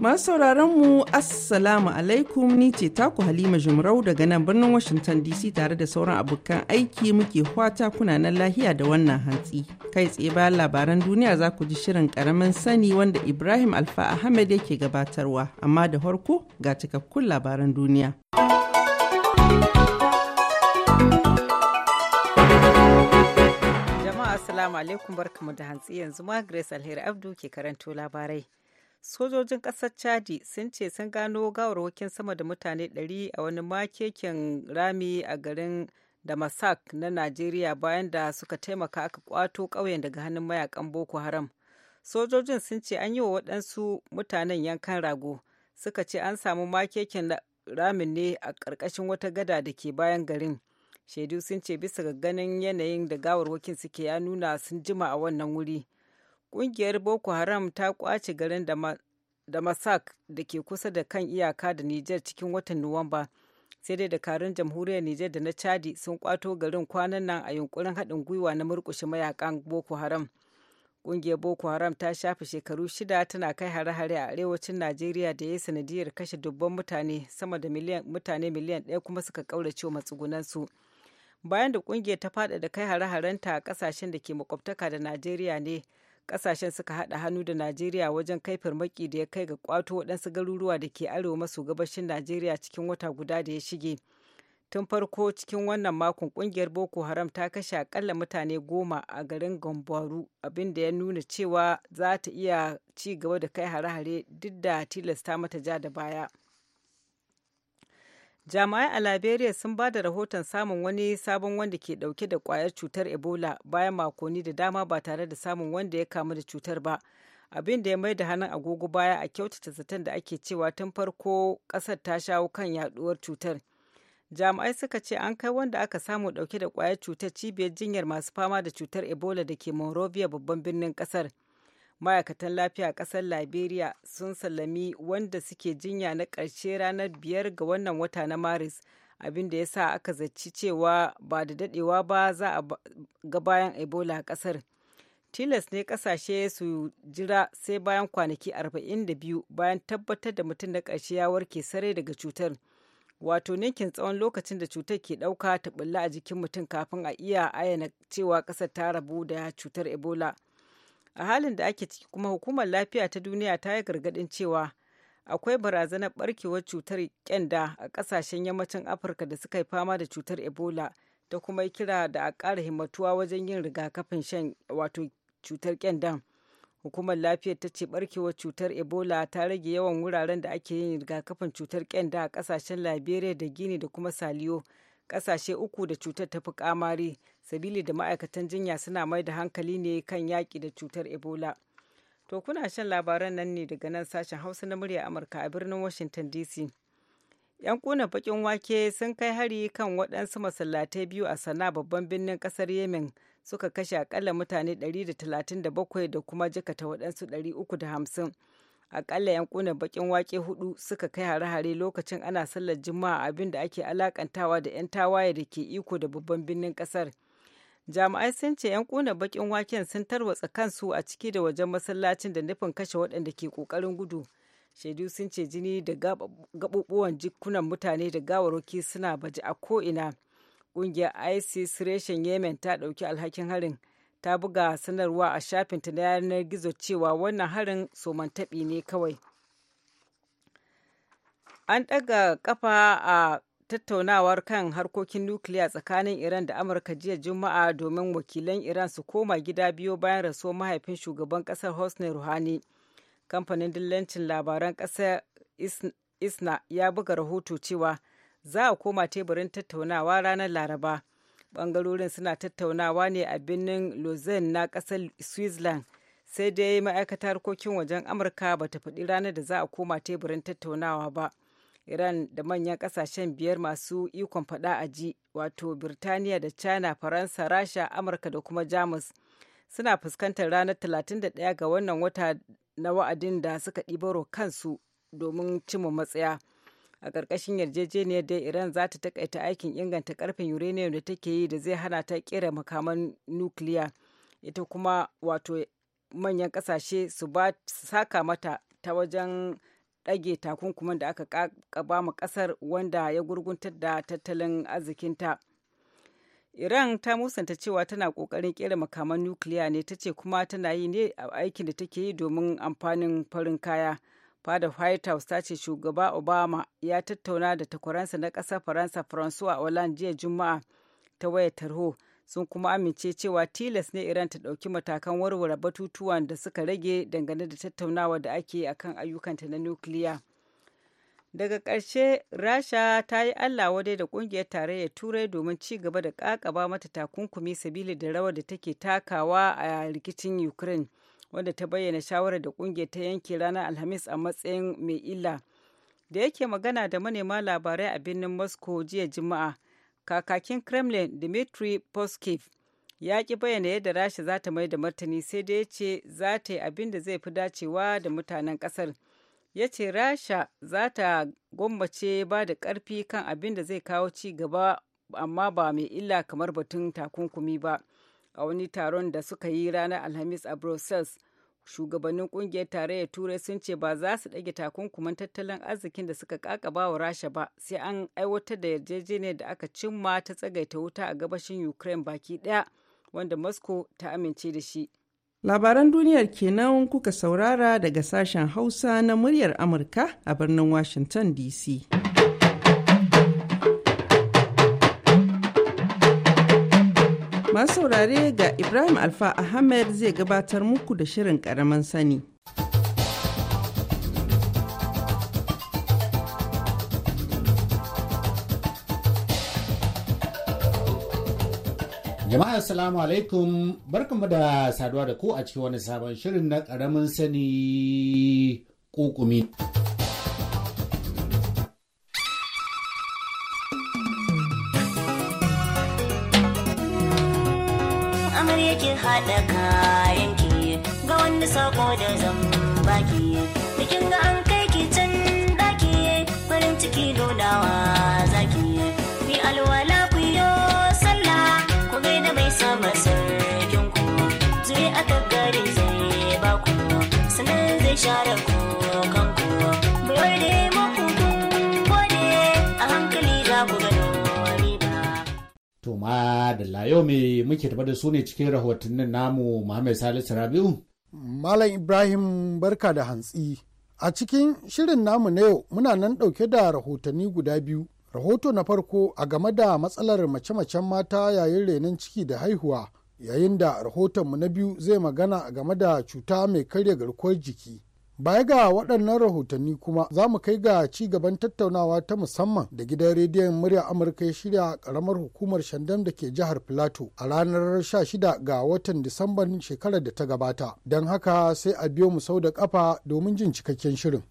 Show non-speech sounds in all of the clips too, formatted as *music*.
Masu sauraron mu Assalamu alaikum ni ce taku Halima Jumrau daga nan birnin Washington DC tare da sauran abokan aiki muke kwata kuna nan lahiya da wannan hantsi. Kai tsaye bayan labaran duniya za ku ji shirin karamin sani wanda Ibrahim Alfa Ahmed yake gabatarwa amma da farko ga cikakkun labaran duniya. Jama'a Assalamu alaikum barkamu da hantsi yanzu ma Grace Alheri Abdu ke karanto labarai. sojojin kasar chadi sun ce sun gano gawarwakin sama da mutane 100 a wani makekin rami a garin damasak na najeriya bayan da suka taimaka aka kwato ƙauyen daga hannun mayakan boko haram sojojin sun ce an yi wa waɗansu mutanen yankan rago suka ce an samu makekin ramin ne a ƙarƙashin wata gada da ke bayan garin shaidu sun ce bisa ga ganin yanayin da gawarwakin suke ya nuna sun jima a wannan wuri Ƙungiyar Boko Haram ta ƙwace garin da Masak da ke kusa da kan iyaka da Nijar cikin watan Nuwamba. Sai dai dakarun jamhuriyar Nijar da na Chadi sun kwato garin kwanan nan a yunkurin haɗin gwiwa na murƙushe mayakan Boko Haram. Ƙungiyar Boko Haram ta shafe shekaru shida tana kai hare-hare a arewacin Najeriya da ya yi sanadiyar kashe dubban mutane sama da mutane miliyan ɗaya kuma suka ƙaurace matsugunansu. Bayan da ƙungiyar ta da kai hare ta a ƙasashen da ke makwabtaka da Najeriya ne, kasashen suka haɗa hannu da najeriya wajen kai farmaki da ya kai ga kwato waɗansu garuruwa da ke arewa maso gabashin najeriya cikin wata guda da ya shige tun farko cikin wannan makon kungiyar boko haram ta kashe akalla mutane goma a garin gombaru abin da ya nuna cewa za ta iya ci gaba da kai hare-hare duk da tilasta mata ja da baya jami'ai a liberia sun ba da rahoton samun wani sabon wanda ke dauke da kwayar cutar ebola bayan makonni da dama ba tare da samun wanda ya kamu da cutar ba abin da ya mai da hannun agogo baya a kyautata zaton da ake cewa tun farko kasar ta shawo kan yaduwar cutar jami'ai suka ce an kai wanda aka samu dauke da kwayar cutar cibiyar jinyar masu fama da cutar ebola da ke monrovia babban birnin kasar ma'aikatan lafiya a ƙasar liberia sun sallami wanda suke jinya na ƙarshe ranar biyar ga wannan wata na maris abin da ya sa aka zaci cewa ba da daɗewa ba za a ga bayan ebola a ƙasar tilas ne ƙasashe su jira sai bayan kwanaki 42 bayan tabbatar da mutum na ƙarshe ya warke sarai daga cutar wato ninkin tsawon lokacin da cutar ke ɗauka ta bulla a jikin mutum kafin a iya ayyana cewa ƙasar ta rabu da cutar ebola a halin da ake ciki kuma hukumar lafiya ta duniya ta yi gargadin cewa akwai barazanar barkewar cutar kyanda a kasashen yammacin afirka da suka yi fama da cutar ebola ta kuma kira da a ƙara himmatuwa wajen yin rigakafin shan wato cutar kyandan hukumar lafiyar ta ce barkewar cutar ebola ta rage yawan wuraren da ake yin rigakafin cutar kyanda a kasashen liberia da guinea da kuma saliyo kasashe uku da cutar ta fi kamari sabili da ma'aikatan jinya suna mai da hankali ne kan yaƙi da cutar ebola to kuna shan labaran nan ne daga nan sashen hausa na murya amurka a birnin washington dc yan kuna bakin wake sun kai hari kan waɗansu masallatai biyu a sana babban birnin ƙasar yemen suka kashe akalla mutane 137 da kuma jikata waɗansu 350 akalla yankunan bakin wake hudu suka kai hare-hare lokacin ana sallar juma'a abin da ake alakantawa da 'yan tawaye da ke iko da babban birnin kasar jami'ai sun ce 'yan bakin waken sun tarwatsa kansu a ciki da wajen masallacin da nufin kashe waɗanda ke ƙoƙarin gudu shaidu sun ce jini da gaɓuɓuwan jikunan mutane da gawarwaki suna baje a ko'ina ƙungiyar isis reshen yemen ta ɗauki alhakin harin ta buga sanarwa a shafinta na yanar gizo cewa wannan harin somantaɓi ne kawai an ɗaga kafa a tattaunawar kan harkokin nukiliya tsakanin iran da amurka jiya juma'a domin wakilan iran su koma gida biyu bayan rasuwar mahaifin shugaban ƙasar hosni ruhani kamfanin dillancin labaran ƙasar isna ya buga rahoto cewa za a koma teburin tattaunawa ranar laraba bangarorin suna tattaunawa ne a birnin lausanne na kasar switzerland sai dai ma'aikatar harkokin wajen amurka ba ta faɗi ranar da za a koma teburin tattaunawa ba iran da manyan ƙasashen biyar masu ikon faɗa a ji wato birtaniya da china faransa rasha amurka da kuma jamus suna fuskantar ranar 31 ga wannan wata na wa'adin da suka ɗibaro kansu domin cimma matsaya a ƙarƙashin yarjejeniyar da iran za ta takaita aikin inganta karfin uranium da take yi da zai hana ta ƙera makaman nukiliya ita kuma wato manyan ƙasashe su ba saka mata ta wajen ɗage takunkuman da aka ƙaba ma ƙasar wanda ya gurguntar da tattalin arzikinta iran ta musanta cewa tana ƙoƙarin ƙera makaman nukiliya ne ta ce kuma tana yi ne a aikin da take yi domin amfanin farin kaya fada white house ta ce shugaba obama ya tattauna da takwaransa na ƙasar faransa francois hollande jiya juma'a ta wayar tarho sun kuma amince cewa tilas ne iran ta ɗauki matakan warware batutuwan da suka rage dangane da tattaunawa da ake akan ayyukanta na nukiliya daga ƙarshe rasha ta yi allah wadai da ƙungiyar tarayyar turai domin ci gaba da ƙaƙaba mata takunkumi sabili da rawar da take takawa a rikicin ukraine wanda ta bayyana shawarar da kungiyar ta yanke ranar alhamis a matsayin mai illa da yake magana da manema labarai a birnin moscow jiya juma'a kakakin kremlin dmitry poskiv ya ki bayyana yadda rasha za ta mai da martani sai da ya ce za ta yi abin da zai fi dacewa da mutanen kasar ya ce rasha za ta gwammace ba da karfi kan abin da zai kawo ci gaba amma ba mai illa kamar batun takunkumi ba a wani taron da suka yi ranar alhamis a brussels shugabannin kungiyar tarayyar turai sun ce ba za su ɗage takunkuman tattalin arzikin da suka kakaba wa rasha ba sai an aiwatar da yarjejeniyar da aka cimma ta tsagaita wuta a gabashin ukraine baki ɗaya wanda moscow ta amince da shi labaran duniyar kenan kuka saurara daga sashen hausa na muryar amurka a birnin washington dc Masu saurare ga Ibrahim Alfa Ahmed zai gabatar muku da shirin ƙaramin sani. Jama'a Assalamu alaikum barkanmu da saduwa da ku a cikin wani sabon shirin na ƙaramin sani kukumi. haɗa kayan ki ga wanda sako da zamba ki bikin ga an kai ki can daki farin ciki lodawa zaki mi alwala ku yo sallah ku gaida mai sama sarkin ku zai aka gari zai ba ku sanan zai share ku kan To ma da layo me muke tafa da su ne cikin rahotannin namu Muhammad Salisu Rabiu. Malam Ibrahim barka da hantsi. A cikin shirin namu na yau muna nan ɗauke da rahotanni guda biyu. Rahoto na farko a game da matsalar mace-macen mata yayin renon ciki da haihuwa, yayin da rahotonmu na biyu zai magana a game da cuta mai karya garkuwar jiki. Baya ga waɗannan rahotanni kuma za mu kai ga ci gaban tattaunawa ta musamman da gidan rediyon murya Amurka ya shirya a ƙaramar hukumar Shandam da ke jihar Filato a ranar 16 ga watan Disamban shekarar da ta gabata. Don haka sai a biyo mu sau da ƙafa domin jin cikakken shirin.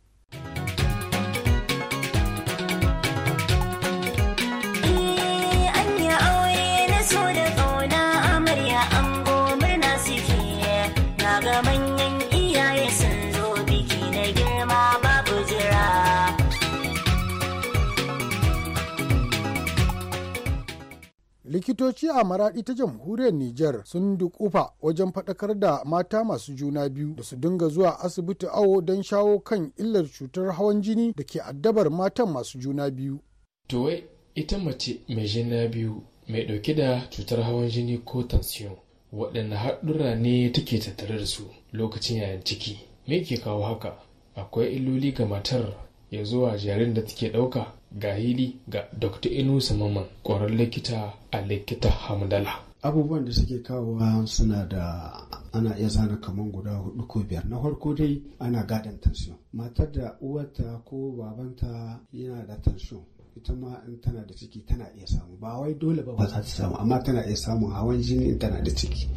likitoci a maradi ta jamhuriyar niger sun dukufa wajen faɗakar da mata masu juna biyu da su dinga zuwa asibiti awo don shawo kan illar cutar hawan jini da ke addabar matan masu juna biyu to ita mace mai juna biyu mai ɗauke da cutar hawan jini ko tansiyon waɗanne haɗura ne take tattare da su lokacin yayin ciki me ke kawo haka akwai illoli ga matar ya zuwa jarin da take ɗauka ga hili ga dr inusa maman ƙwarar likita a likita hamdala abubuwan da suke kawowa suna da ana iya zana kamar guda hudu ko biyar na farko dai ana gadon tansiyon matar da uwarta ko babanta yana da tansiyon ita ma in tana da ciki tana iya samu ba wai dole ba ba za ta samu amma tana iya samun hawan jini in tana da ciki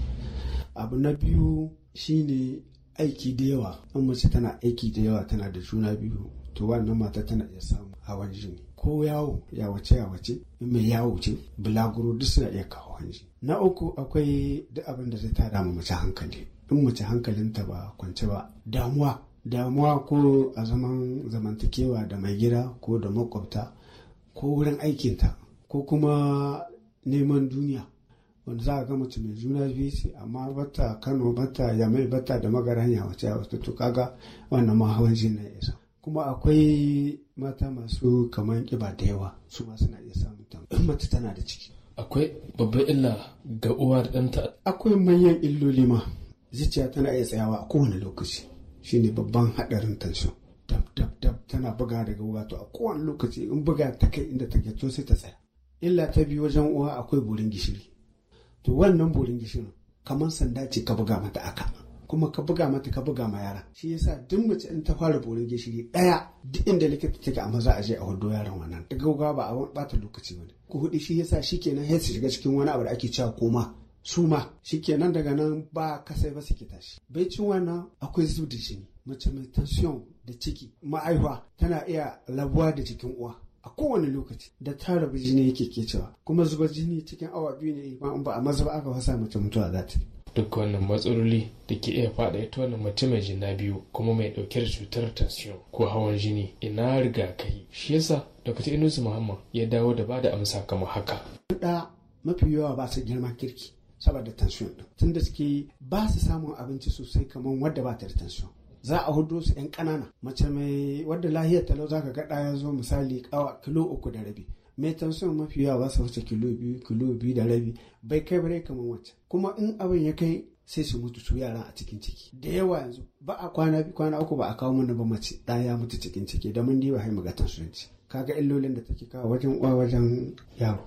abu na biyu shine aiki da yawa in mace tana aiki da yawa tana da juna biyu to wannan mata tana iya samu ko yawo yawace yawace mai yawo ce bulaguro duk suna iya kawo hanji na uku akwai duk abin da zai tada ma mace hankali in mace hankalinta ba kwance ba damuwa damuwa ko a zaman zamantakewa da mai gida ko da makwabta ko wurin aikinta ko kuma neman duniya wanda za a ga mace mai juna biyu ce amma bata kano bata yamai bata da magaran yawace yawace to kaga wannan ma jini na isa kuma akwai mata masu kamar kiba da yawa su ma suna iya samun ta tana da ciki akwai babban illa ga uwa da ɗanta akwai manyan illoli ma zuciya tana iya tsayawa a kowane lokaci shine babban haɗarin tansu dab dab dab tana buga daga uwa to a kowane lokaci in buga ta kai inda ta to sai ta tsaya illa ta biyu wajen uwa akwai burin gishiri to wannan burin gishirin kamar sanda ce ka buga mata a aka kuma ka buga mata ka buga ma yaran shi yasa duk mace in ta fara borin gishiri daya duk inda likita take a maza a je a hudu yaron wannan daga gauga ba a bata lokaci bane ku hudu shi yasa shikenan sai su shiga cikin wani abu da ake cewa koma suma shikenan daga nan ba kasai ba su suke tashi bai cin wannan akwai zub da jini mace mai tension da ciki ma'aihuwa tana iya labuwa da cikin uwa a kowane lokaci da ta rabu jini yake ke cewa kuma zuba jini cikin awa biyu ne ba a maza ba aka fasa mace mutuwa za ta duk wannan matsaloli da ke iya faɗa ita wannan mace mai jina biyu kuma mai ɗauke da cutar tansiyon ko hawan jini ina riga rigakafi shi yasa Dokta inusu muhammad ya dawo da bada amsa kamar haka da mafi yawa ba su girma kirki saboda tansiyon din tunda suke ba su samun abinci sosai kamar wadda ba ta da tansiyon za a hudu su yan ƙanana mace mai wadda lahiyar talau zaka ga ɗaya zo misali kawa kilo uku da rabi mai tansiyon mafi yawa ba su wuce kilo biyu kilo biyu da rabi bai kai bare kamar wacce kuma in abin ya kai sai su mutu su yaran a cikin ciki da yawa yanzu ba a kwana biyu kwana uku ba a kawo mana ba mace ɗaya ya mutu cikin ciki da mun diba haimu ga Ka kaga illolin da take kawo wajen uwa wajen yaro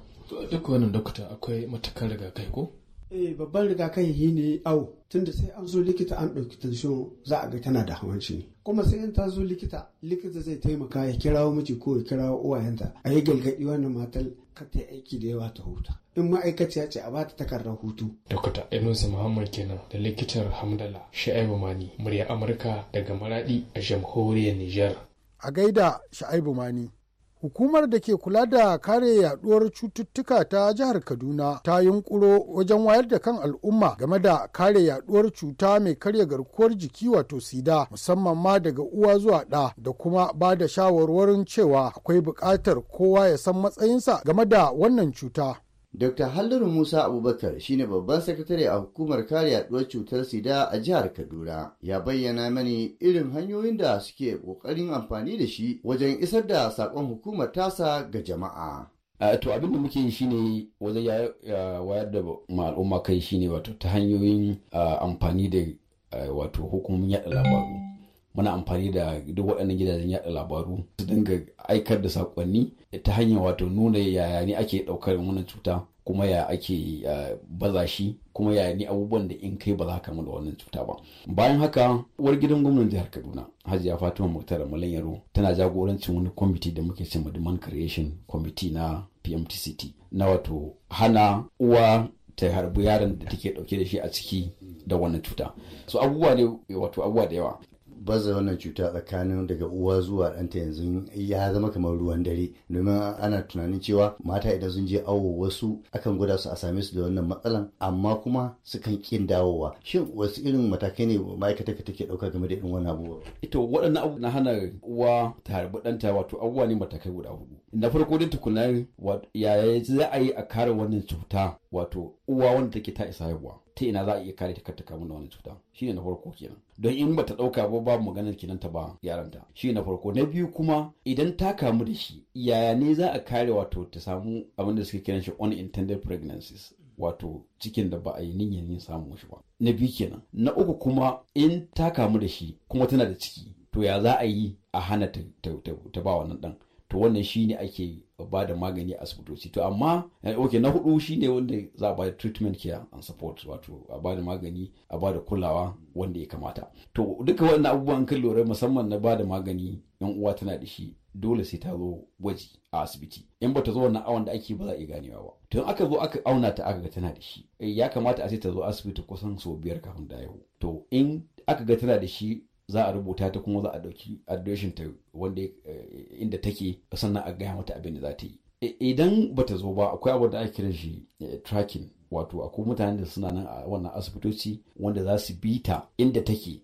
duk wannan dokta akwai matakan rigakai ko Eh babban rigakafi ne au tunda sai an zo likita an ɗauki tension za a ga tana da hawan jini. Kuma sai in ta zo likita likita zai taimaka ya kirawo miji ko ya kirawo uwayenta a yi gargaɗi wannan matar ka ta yi aiki da yawa ta huta. In ma'aikaciya ce a bata takardar hutu. Dokta Enusa Muhammad kenan da likitar Hamdala Sha'ibu Mani murya Amurka daga Maradi a jamhuriyar Nijar. A gaida Sha'ibu Mani. hukumar da ke kula da kare yaduwar cututtuka ta jihar kaduna ta yunkuro wajen wayar da kan al'umma game da kare yaduwar cuta mai karya garkuwar jiki wato sida musamman ma daga uwa zuwa ɗa da kuma ba da shawarwarin cewa akwai buƙatar kowa ya san matsayinsa game da wannan cuta Dr. Halliru Musa Abubakar shine babban sakatare a hukumar kare yaduwar cutar sida a jihar Kaduna ya bayyana mani irin hanyoyin da suke kokarin amfani da shi wajen isar da sakon hukumar tasa ga jama'a. to abin da muke yi shine wajen wayar da al'umma kai shine wato ta hanyoyin amfani da wato hukumar yada labaru. muna amfani da duk waɗannan gidajen yaɗa labaru su dinga aikar da saƙonni ta hanyar wato nuna yaya ne ake ɗaukar wannan cuta kuma ya ake baza shi kuma ya ni abubuwan da in kai ba za ka da wannan cuta ba bayan haka uwar gidan gwamnan jihar kaduna hajiya fatima muktar malam tana jagorancin wani kwamiti da muke cewa madiman creation kwamiti na pmtct na wato hana uwa ta harbi yaron da take dauke da shi a ciki da wannan cuta so abubuwa ne wato abubuwa da yawa baza wannan cuta tsakanin daga uwa zuwa ɗanta yanzu ya zama kamar ruwan dare domin ana tunanin cewa mata idan sun je awo wasu akan gwada su a same su da wannan matsalan amma kuma sukan kin dawowa shin wasu irin matakai ne ma'aikata ka take ɗauka game da irin wannan abubuwa. Ita waɗannan abu na hana uwa ta harbi ɗanta wato abubuwa ne matakai guda hudu na farko dai tukunan yaya za a yi a kare wannan cuta wato uwa wanda take ta isa haihuwa ta ina za a iya kare ta karta ta da wani cuta shine na farko kenan don in bata ɗauka ba babu maganar kenan ta ba yaran ta shi na farko na biyu kuma idan ta kamu da shi yaya ne za a kare wato ta samu abin da suke kiran shi unintended pregnancies wato cikin da ba a yi niyyar yin samun shi ba na biyu kenan na uku kuma in ta kamu da shi kuma tana da ciki to ya za a yi a hana ta ba wannan dan to wannan shi ne ake ba da magani a asibitoci to amma eh, ok na hudu shine wanda za a ba da treatment care and support wato a ba da magani a ba da kulawa wanda ya kamata to duka wannan abubuwan kan lura musamman na ba da magani yan uwa tana da shi dole sai ta zo gwaji a asibiti in ba ta zo wannan awon da ake ba za a iya ganewa ba to in aka zo aka auna ta aka ga tana da shi eh, ya kamata a sai ta zo asibiti kusan sau biyar kafin da yau to in aka ga tana da shi za a rubuta ta kuma za a dauki adireshin ta wanda eh, inda take sannan a gaya mata abin da za ta yi e, idan ba ta zo ba akwai abu da ake kira shi eh, tracking wato akwai mutane da suna nan a wannan asibitoci wanda za su bi ta inda take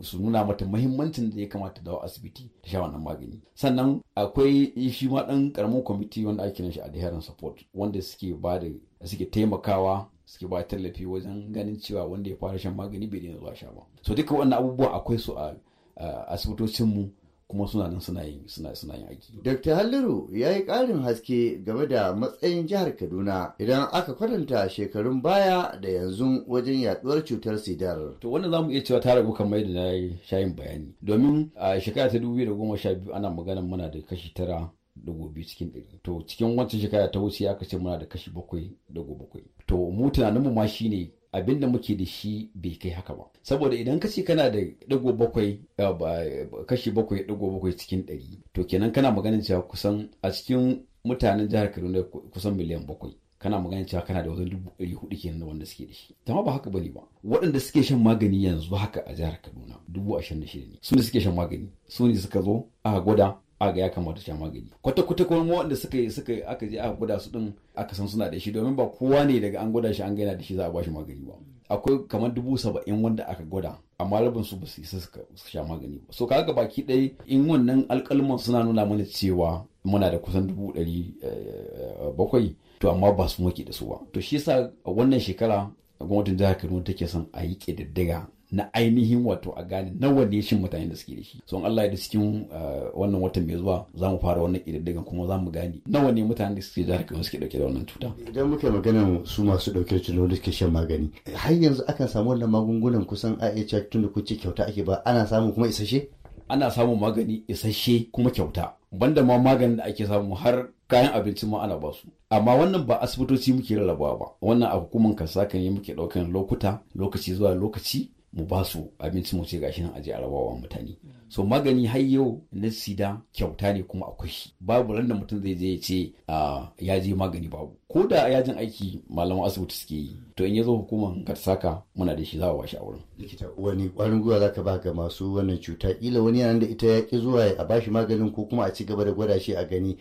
su nuna mata mahimmancin da ya kamata dawo asibiti ta sha wannan magani sannan akwai shi ma ɗan karamin kwamiti wanda ake kiran shi adherence support wanda suke ba da suke taimakawa suke ba tallafi wajen ganin cewa wanda ya fara shan magani bai daina zuwa sha ba so duka wannan abubuwa akwai su a mu kuma suna nan suna yin suna suna yin aiki. Dr. Halliru ya yi karin haske game da matsayin jihar Kaduna idan aka kwatanta shekarun baya da yanzu wajen yaduwar cutar sidar. To wannan zamu iya cewa ta ragu kamar yadda na shayin bayani domin a shekara ta 2012 ana magana muna da kashi tara dubu biyu cikin ɗari to cikin wancan shekara ta wuce aka ce muna da kashi bakwai dubu bakwai to mu tunaninmu ma shi abin da muke da shi bai kai haka ba saboda idan ka ce kana da ɗigo bakwai eh, kashi bakwai ɗigo bakwai cikin ɗari to kenan kana maganin cewa kusan a cikin mutanen jihar kaduna kusan miliyan bakwai kana maganin cewa kana da wajen dubu ɗari hudu kenan da wanda suke da shi ta ba haka bane ba waɗanda suke shan magani yanzu haka a jihar kaduna dubu ashirin da shida ne su ne suke shan magani su ne suka zo aka gwada aga ya kamata sha magani kwata kwata kuma wanda suka suka aka je aka gwada su din aka san suna da shi domin ba kowa ne daga an gwada shi an gaina da shi za a bashi magani ba akwai kamar dubu saba'in wanda aka gwada amma rabin su ba su isa suka sha magani ba so kaga baki ɗaya in wannan alƙalman suna nuna mana cewa muna da kusan dubu ɗari eh, bakwai to amma ba su muke da su ba to shi yasa wannan shekara gwamnatin jihar Kaduna take son a yi ƙididdiga na ainihin wato a gane nawa ne shin mutane da suke da shi so Allah ya da cikin uh, wannan watan mai zuwa za mu fara wannan kididdigan kuma za mu gane nawa ne mutane da suke da Kano suke dauke da wannan cuta idan muka magana su masu dauke da cutar da suke shan magani har yanzu akan samu wannan magungunan kusan a iya tun da kuce kyauta ake ba ana samu kuma isasshe ana samun magani isasshe kuma kyauta banda ma maganin da ake samu har kayan abinci ma ana basu amma wannan ba asibitoci muke rarrabawa ba wannan a hukumar kasa kan yi muke daukan lokuta lokaci zuwa lokaci mu ba su abinci mu ce gashi nan aje a mutane so magani har yau na sida kyauta ne kuma akwai shi babu ran da mutum zai je ya ce ah, ya je magani babu ko da yajin aiki malaman asibiti suke yi to in ya zo hukumar ka muna da shi za a washe a wurin likita wani kwarin gwiwa za ka ba ga masu wannan cuta kila wani yana da ita ya ki zuwa a bashi maganin ko kuma a ci gaba da gwada shi a gani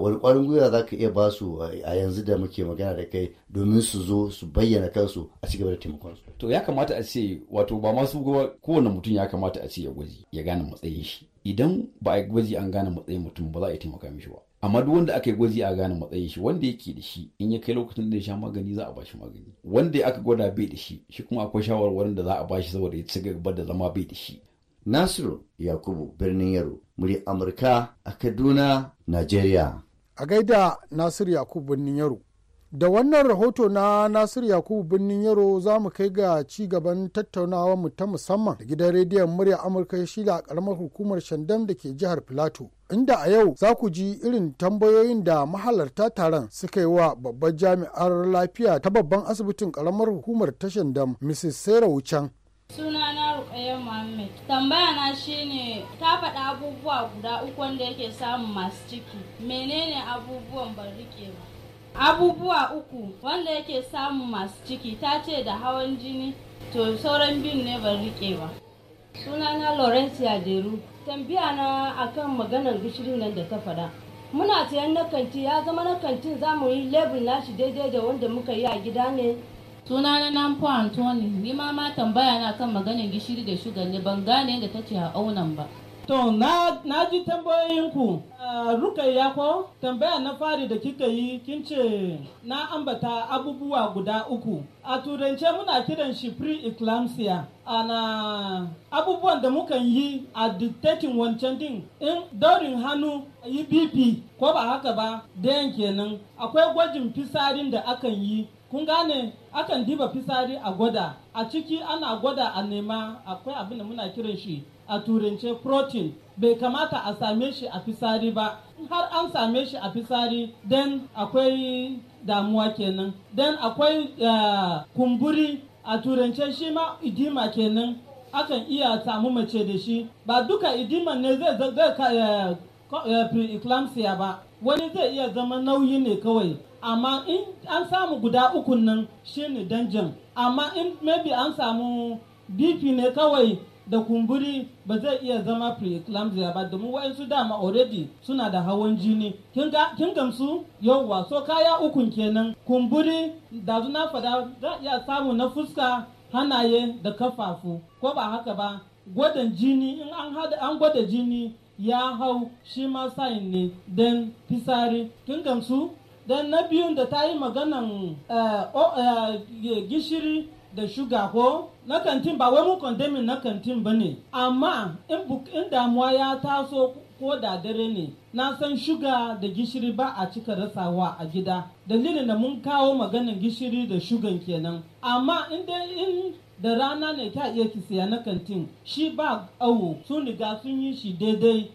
wani kwarin gwiwa za ka iya ba su a yanzu da muke magana da kai domin su zo su bayyana kansu a ci gaba da taimakon su to ya kamata a ce wato ba masu kowane mutum ya kamata a ce ya gwaji ya gane matsayin shi idan ba a gwaji an gane matsayin mutum ba za a yi taimaka mishi ba amma duk wanda aka yi gwaji a gane matsayin shi wanda yake da shi in ya kai lokacin da ya sha magani za a bashi magani wanda ya aka gwada bai da shi shi kuma akwai shawarwarin da za a bashi saboda ya ci gaba da zama bai da shi nasiru yakubu birnin yaro muri amurka a kaduna nigeria a gaida nasiru yakubu birnin yaro da wannan rahoto na nasiru yakubu birnin yaro za mu kai ga ci gaban tattaunawa mu ta musamman da gidan rediyon murya amurka shi da a karamar hukumar shandam da ke jihar plateau inda a yau za ku ji irin tambayoyin da mahalarta taron suka yi wa babbar jami'ar lafiya ta babban asibitin karamar hukumar tashan dam mrs sarah wucan sunana rukayya muhammad tambaya na shine ta faɗa abubuwa guda uku wanda yake samun masu ciki menene abubuwan ban rike ba abubuwa uku wanda yake samu masu ciki ta ce da hawan jini to sauran biyun ne ban rike ba sunana laurence yaderu tambaya na akan maganar gishirin nan da ta fada muna sayan na kanti ya zama na kantin za mu yi lebur nashi daidai da wanda muka yi a gida ne suna na nampo antoni ni ma ma tambaya na kan maganar gishiri da shuga ne ban gane da ta ce a aunan ba to na ji tambayoyinku ya ko tambaya na fari da kika yi kin ce na ambata abubuwa guda uku a turance muna kiran shi pre eclampsia ana abubuwan da muka yi a dictating wancan din in daurin hannu yi bp ko ba haka ba dayan kenan akwai gwajin fisarin da akan yi kun gane akan diba fisari a gwada a ciki ana gwada a nema akwai abin da muna kiran shi a turance protein bai kamata a same shi a fisari ba har an same shi a fisari den akwai damuwa kenan den akwai uh, kumburi a turance shi ma idima kenan akan iya samu mace da shi ba duka idiman ne zai zai eh, eh, preeclampsia ba wani zai iya zama nauyi ne kawai amma in an samu guda ukun nan shi ne danjan amma in maybe an samu bp ne kawai da kumburi ba zai iya zama preeclampsia ba domin wa'insu dama already suna da hawan jini kin gamsu yauwa so kaya ukun kenan kumburi da na fada za iya samu na fuska hanaye da kafafu ko ba haka ba gwadan jini in an gwada jini ya hau shi ma sign ne don fisari kin gamsu don na biyun da ta yi maganan eh, eh, gishiri da shuga ko na kantin ba wai mu kondemin na kantin ba ne amma in damuwa ya taso ko da dare ne na san shuga da gishiri ba a cika rasawa a gida dalilin da mun kawo maganin gishiri da shugan kenan amma in in da rana ne ta iya ki siya na kantin shi ba awo sun riga sun yi shi daidai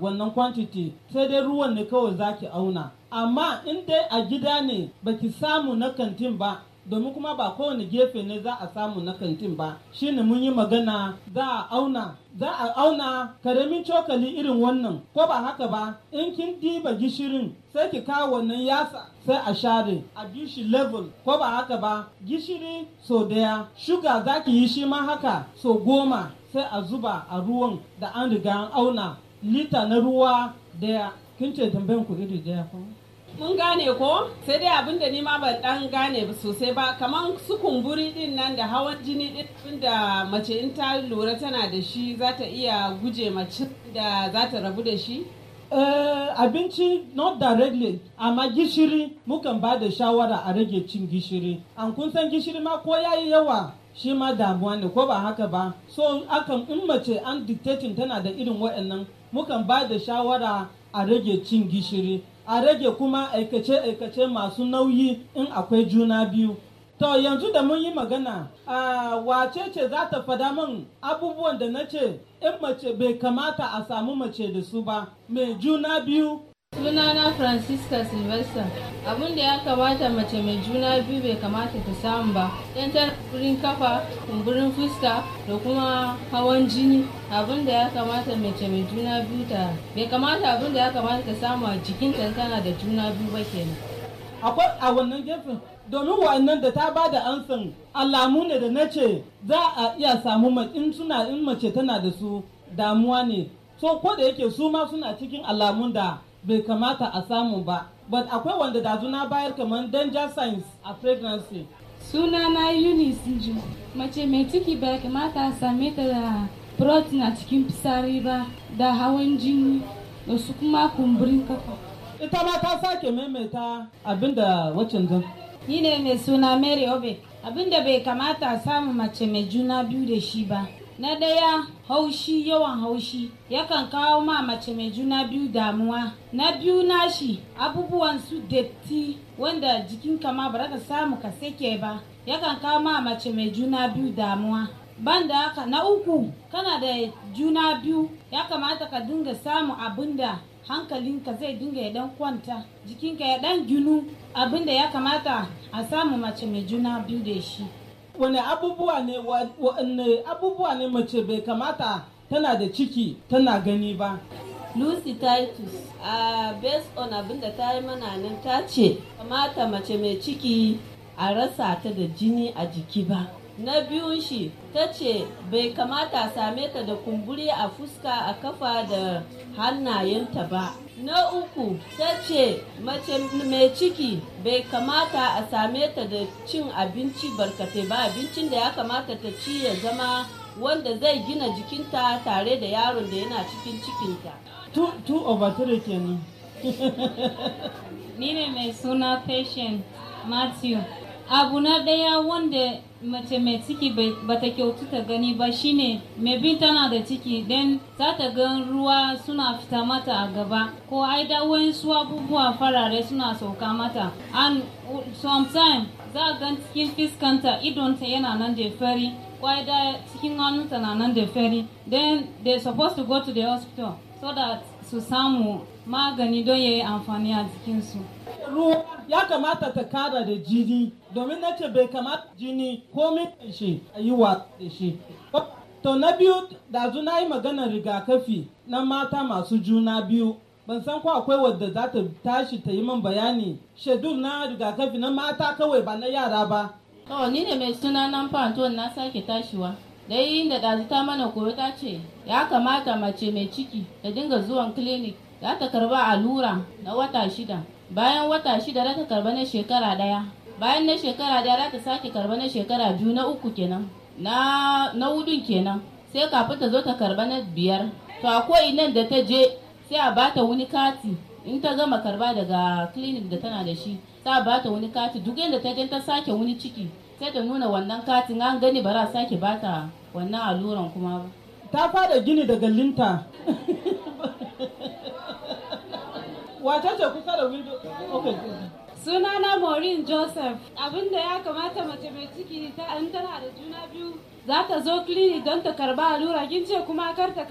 wannan kwantiti sai dai ruwan ne kawai zaki auna amma in dai a gida ne baki samu na kantin ba domin kuma ba kowane gefe ne za a samu na kantin ba shine mun yi magana za a auna za a auna karamin cokali irin wannan ko ba haka ba in kin diba gishirin sai ki kawo wannan yasa sai a share a bi level ko ba haka ba gishiri so daya shuga za ki yi shi ma haka so goma sai a zuba a ruwan da an riga an auna lita na ruwa daya kin ce tambayan ku iri daya kuma mun gane ko sai dai abin da nima ban dan gane sosai ba kamar su kumburi din nan da hawan jini din da mace in ta lura tana da shi za ta iya guje mace da za ta rabu da shi Uh, abinci not directly amma gishiri mukan ba da shawara a rage cin gishiri an kun san gishiri ma ko yayi yawa shi ma damuwa ne ko ba haka ba so akan in mace an dictating tana da irin waɗannan mukan ba da shawara a rage cin gishiri a rage kuma aikace-aikace masu nauyi in akwai juna biyu. To yanzu da mun yi magana, a wace ce za ta fada min abubuwan da na ce in mace bai kamata a samu mace da su ba, mai juna biyu sunana francisca sylvester abin da ya kamata mace mai juna biyu bai kamata ta samu ba yan tarin kafa kumburin fuska da kuma hawan jini abin da ya kamata mace mai juna biyu ta bai kamata abin da ya kamata ta samu a jikin tantana da juna biyu ba kenan akwai a wannan gefen domin wa'annan da ta ba da ansan alamu ne da na ce za a iya samu in suna in mace tana da su damuwa ne so ko da yake su ma suna cikin alamun da bai kamata a samu ba but akwai wanda dazu bayar kamar danger signs a pregnancy suna na yunis Nju mace mai ciki bai kamata a same ta da protein a cikin fisari ba da hawan jini da su kuma kumburin kafa ita ma ta sake maimaita da wacin zan ni ne mai suna mary obe abin da bai kamata a samu mace mai juna biyu da shi ba na ɗaya haushi yawan haushi yakan kawo ma mace mai juna biyu damuwa na biyu nashi abubuwan su datti wanda jikinka ma ba ka samu ka sake ba yakan kawo ma mace mai juna biyu damuwa ban da haka na uku kana da juna biyu ya kamata ka dinga samu abin da hankalinka zai dinga ya dan kwanta jikinka ya dan ginu abin da ya kamata a samu mace mai juna biyu da shi wani abubuwa ne wani abubuwa ne mace bai kamata tana da ciki tana gani ba lucy titus a base on abin da ta yi mana nan ta ce kamata mace mai ciki a rasa ta da jini a jiki ba na biyun shi ta ce bai kamata same ta da kumburi a fuska a kafa da hannayenta ba na uku ta ce mace mai ciki bai kamata a same ta da cin abinci barkatai ba abincin da ya kamata ta ci ya zama wanda zai gina jikinta tare da yaron da yana cikin cikinta tun obatare kenan *laughs* ni ne mai suna patient matthew abu na ɗaya wanda mace mai ciki ba ta kyautu ta gani ba shine mai bin tana da ciki don za ta gan ruwa suna fita mata a gaba ko ai da su abubuwa farare suna sauka mata and sometimes za a gan cikin fiskanta idonta yana nan da fari kwai da cikin hannunta na nan da fari then they supposed to go to the hospital so that su samu magani don yayi amfani a jikinsu. ya kamata ta kara da jini domin na ce bai kamata jini komi shi a yi da shi to na biyu da na yi maganar rigakafi na mata masu juna biyu ban san ko akwai wadda za ta tashi ta yi min bayani shedul na rigakafi na mata kawai ba na yara ba kawai ni ne mai suna nan na sake tashiwa dai inda ɗazu ta mana koyo ta ce ya kamata mace mai ciki ta dinga zuwan clinic za ta karba allura na wata shida bayan wata shida za ta karba na shekara daya bayan na shekara daya za ta sake karba na shekara biyu na uku kenan na na hudun kenan sai kafin ta zo ta karba na biyar to a nan da ta je sai a bata wani kati in ta gama karba daga clinic da tana da shi ta bata wani kati duk yadda ta je ta sake wani ciki sai ta nuna wannan katin an gani ba za sake bata wannan alluran kuma ba ta fara gini daga linta *laughs* wace ce kusa da window suna na maureen joseph abinda ya kamata mace mai ciki ta an tana da juna biyu za ta zo clinic don ta karba allura kin ce kuma kar ta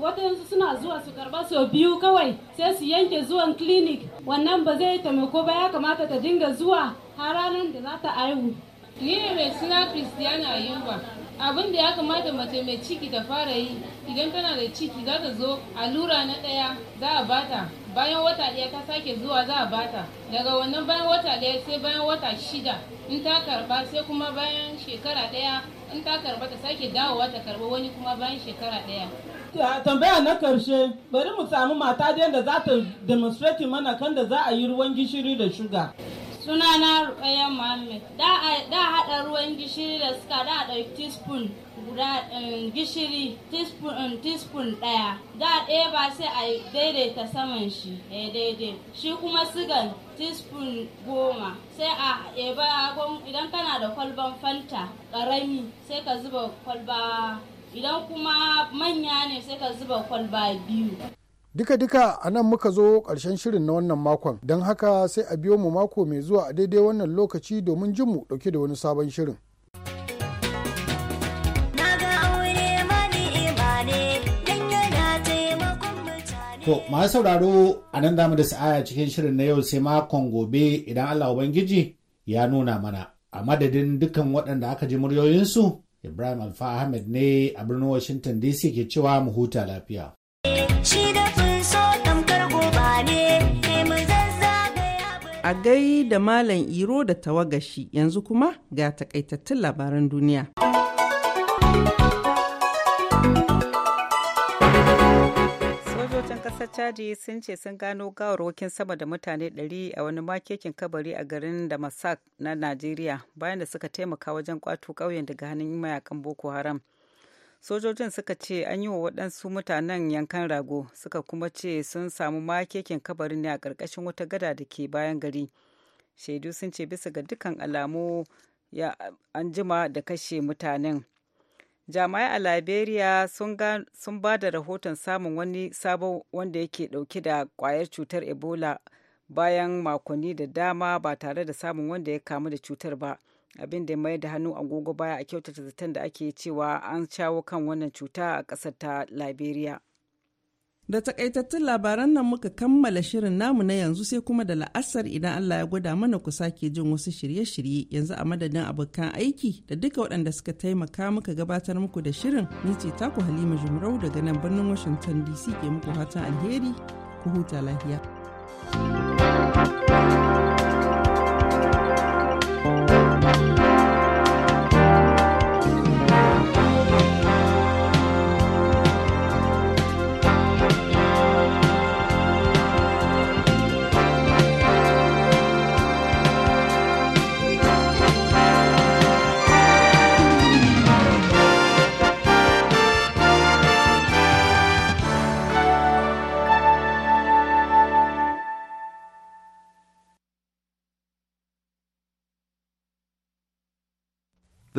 watansu suna zuwa su karba sau biyu kawai sai su yanke zuwan clinic wannan ba zai taimako ba ya kamata ta dinga zuwa har ranar da za ta aihu ni ne mai suna christiana yuba abin da ya kamata mace mai ciki ta fara yi idan tana da ciki za ta zo allura na ɗaya za a bata bayan wata ɗaya ta sake zuwa za a bata daga wannan bayan wata ɗaya sai bayan wata shida in ta karba sai kuma bayan shekara ɗaya in ta karba ta sake dawowa ta karba wani kuma bayan shekara ɗaya tambaya na karshe bari mu samu mata da za ta demonstrate mana kan da za a yi ruwan gishiri da shuga sunana rukayen muhammad da haɗa ruwan gishiri da suka da ɗauki teaspoon guda eh, gishiri eh, teaspoon ɗaya da ɗaya ba sai a daidaita saman shi ya daidai shi kuma sigan teaspoon goma sai a eba idan kana da kwalban fanta ƙarami sai ka zuba kwalba idan kuma manya ne sai ka zuba kwalba biyu Duka-duka a nan muka zo ƙarshen shirin na wannan makon, don haka sai a biyo mu mako mai zuwa a daidai wannan lokaci domin jin mu ɗauke da wani sabon shirin. To, masu sauraro a nan damu da sa'aya cikin shirin na yau sai makon gobe idan Allah Ubangiji ya nuna mana. A madadin dukan waɗanda aka ji muryoyinsu, Ibrahim Alfa Ahmed ne a birnin Washington DC ke cewa mu huta lafiya. A gai da Malam Iro da tawagashi yanzu kuma ga takaitattun labaran duniya. Sojojin ƙasar Chadi sun ce sun gano gawarwakin sama da mutane 100 a wani makekin kabari a garin Damasak na Najeriya bayan da suka taimaka wajen kwato ƙauyen daga hannun mayakan Boko Haram. sojojin suka ce an yi wa waɗansu mutanen yankan rago suka kuma ce sun samu makekin kabarin ne a ƙarƙashin wata gada da ke bayan gari shaidu sun ce bisa ga dukkan alamu ya an jima da kashe mutanen jami'ai a liberia sun ba da rahoton samun wani sabo wanda yake ɗauke da ƙwayar cutar ebola bayan makonni da dama ba tare da samun wanda ya kamu da cutar ba. abin da ya mayar da hannu agogo baya a kyautata zaton da ake cewa an shawo kan wannan cuta a kasar ta liberia da takaitattun labaran nan muka kammala shirin namu na yanzu sai kuma da la'asar idan allah ya gwada mana ku sake jin wasu shirye-shirye yanzu a madadin abokan aiki da duka waɗanda suka taimaka muka gabatar muku da shirin ni ce taku halima jumrau daga nan birnin washington dc ke muku fatan alheri ku huta lafiya thank you